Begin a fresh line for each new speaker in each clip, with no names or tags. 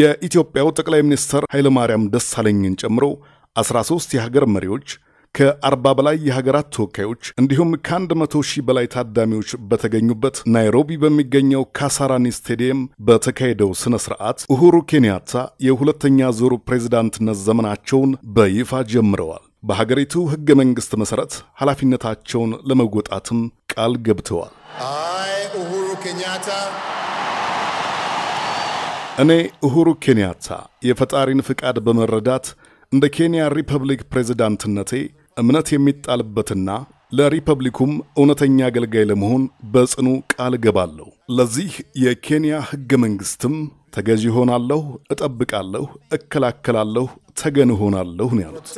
የኢትዮጵያው ጠቅላይ ሚኒስትር ኃይለማርያም ደሳለኝን ጨምሮ 13 የሀገር መሪዎች ከአርባ በላይ የሀገራት ተወካዮች እንዲሁም ከአንድ መቶ ሺህ በላይ ታዳሚዎች በተገኙበት ናይሮቢ በሚገኘው ካሳራኒ ስቴዲየም በተካሄደው ስነ ስርዓት ኡሁሩ ኬንያታ የሁለተኛ ዙር ፕሬዝዳንትነት ዘመናቸውን በይፋ ጀምረዋል። በሀገሪቱ ሕገ መንግሥት መሠረት ኃላፊነታቸውን ለመወጣትም ቃል ገብተዋል። አይ ኡሁሩ ኬንያታ እኔ እሁሩ ኬንያታ የፈጣሪን ፍቃድ በመረዳት እንደ ኬንያ ሪፐብሊክ ፕሬዝዳንትነቴ እምነት የሚጣልበትና ለሪፐብሊኩም እውነተኛ አገልጋይ ለመሆን በጽኑ ቃል እገባለሁ። ለዚህ የኬንያ ሕገ መንግሥትም ተገዥ ሆናለሁ፣ እጠብቃለሁ፣ እከላከላለሁ፣ ተገን ሆናለሁ ነው ያሉት።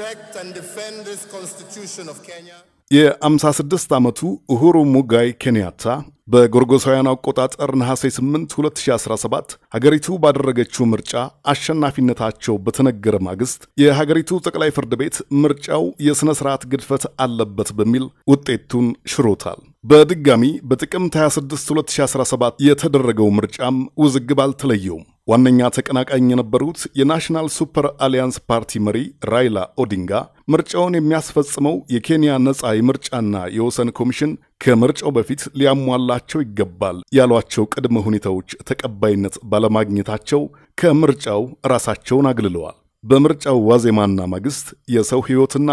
የ56 ዓመቱ እሁሩ ሙጋይ ኬንያታ በጎርጎሳውያን አቆጣጠር ነሐሴ 8 2017 ሀገሪቱ ባደረገችው ምርጫ አሸናፊነታቸው በተነገረ ማግስት የሀገሪቱ ጠቅላይ ፍርድ ቤት ምርጫው የሥነ ሥርዓት ግድፈት አለበት በሚል ውጤቱን ሽሮታል። በድጋሚ በጥቅምት 26 2017 የተደረገው ምርጫም ውዝግብ አልተለየውም። ዋነኛ ተቀናቃኝ የነበሩት የናሽናል ሱፐር አሊያንስ ፓርቲ መሪ ራይላ ኦዲንጋ ምርጫውን የሚያስፈጽመው የኬንያ ነፃ የምርጫና የወሰን ኮሚሽን ከምርጫው በፊት ሊያሟላቸው ይገባል ያሏቸው ቅድመ ሁኔታዎች ተቀባይነት ባለማግኘታቸው ከምርጫው ራሳቸውን አግልለዋል። በምርጫው ዋዜማና ማግስት የሰው ሕይወትና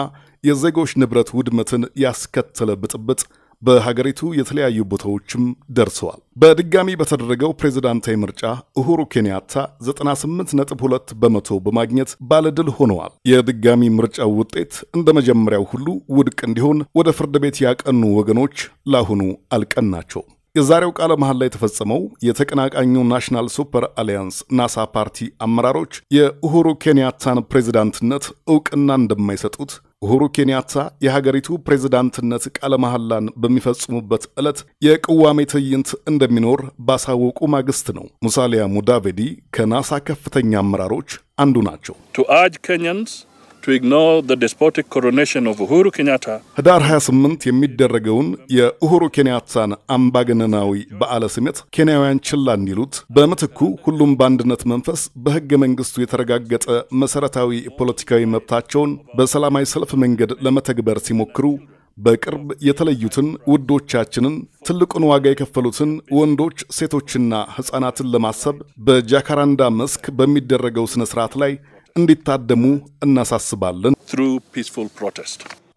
የዜጎች ንብረት ውድመትን ያስከተለ ብጥብጥ በሀገሪቱ የተለያዩ ቦታዎችም ደርሰዋል። በድጋሚ በተደረገው ፕሬዝዳንታዊ ምርጫ እሁሩ ኬንያታ 98.2 በመቶ በማግኘት ባለድል ሆነዋል። የድጋሚ ምርጫው ውጤት እንደ መጀመሪያው ሁሉ ውድቅ እንዲሆን ወደ ፍርድ ቤት ያቀኑ ወገኖች ለአሁኑ ናቸው። የዛሬው ቃለ መሐላ ላይ የተፈጸመው የተቀናቃኙ ናሽናል ሱፐር አሊያንስ ናሳ ፓርቲ አመራሮች የኡሁሩ ኬንያታን ፕሬዝዳንትነት እውቅና እንደማይሰጡት ኡሁሩ ኬንያታ የሀገሪቱ ፕሬዝዳንትነት ቃለ መሐላን በሚፈጽሙበት ዕለት የቅዋሜ ትዕይንት እንደሚኖር ባሳወቁ ማግስት ነው። ሙሳሊያ ሙዳቬዲ ከናሳ ከፍተኛ አመራሮች አንዱ ናቸው። ህዳር 28 የሚደረገውን የኡሁሩ ኬንያታን አምባገነናዊ በዓለ ሲመት ኬንያውያን ችላ እንዲሉት በምትኩ ሁሉም በአንድነት መንፈስ በሕገ መንግሥቱ የተረጋገጠ መሠረታዊ ፖለቲካዊ መብታቸውን በሰላማዊ ሰልፍ መንገድ ለመተግበር ሲሞክሩ በቅርብ የተለዩትን ውዶቻችንን ትልቁን ዋጋ የከፈሉትን ወንዶች ሴቶችና ሕፃናትን ለማሰብ በጃካራንዳ መስክ በሚደረገው ሥነ ሥርዓት ላይ እንዲታደሙ እናሳስባለን።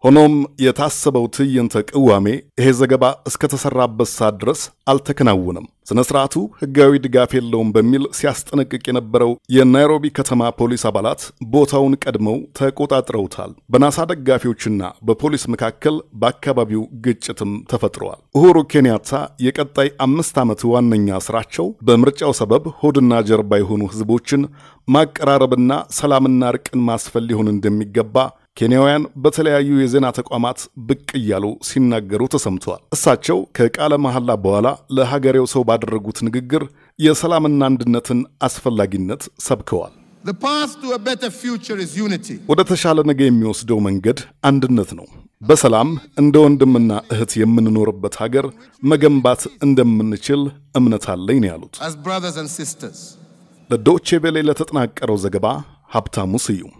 ሆኖም የታሰበው ትዕይንተ ቅዋሜ ይሄ ዘገባ እስከተሰራበት ሰዓት ድረስ አልተከናወነም። ስነ ስርዓቱ ህጋዊ ድጋፍ የለውም በሚል ሲያስጠነቅቅ የነበረው የናይሮቢ ከተማ ፖሊስ አባላት ቦታውን ቀድመው ተቆጣጥረውታል። በናሳ ደጋፊዎችና በፖሊስ መካከል በአካባቢው ግጭትም ተፈጥረዋል። ኡሁሩ ኬንያታ የቀጣይ አምስት ዓመት ዋነኛ ስራቸው በምርጫው ሰበብ ሆድና ጀርባ የሆኑ ህዝቦችን ማቀራረብና ሰላምና እርቅን ማስፈል ሊሆን እንደሚገባ ኬንያውያን በተለያዩ የዜና ተቋማት ብቅ እያሉ ሲናገሩ ተሰምተዋል። እሳቸው ከቃለ መሐላ በኋላ ለሀገሬው ሰው ባደረጉት ንግግር የሰላምና አንድነትን አስፈላጊነት ሰብከዋል። ወደ ተሻለ ነገ የሚወስደው መንገድ አንድነት ነው። በሰላም እንደ ወንድምና እህት የምንኖርበት ሀገር መገንባት እንደምንችል እምነት አለኝ ነው ያሉት። ለዶቼ ለተጠናቀረው ዘገባ ሀብታሙ ስዩም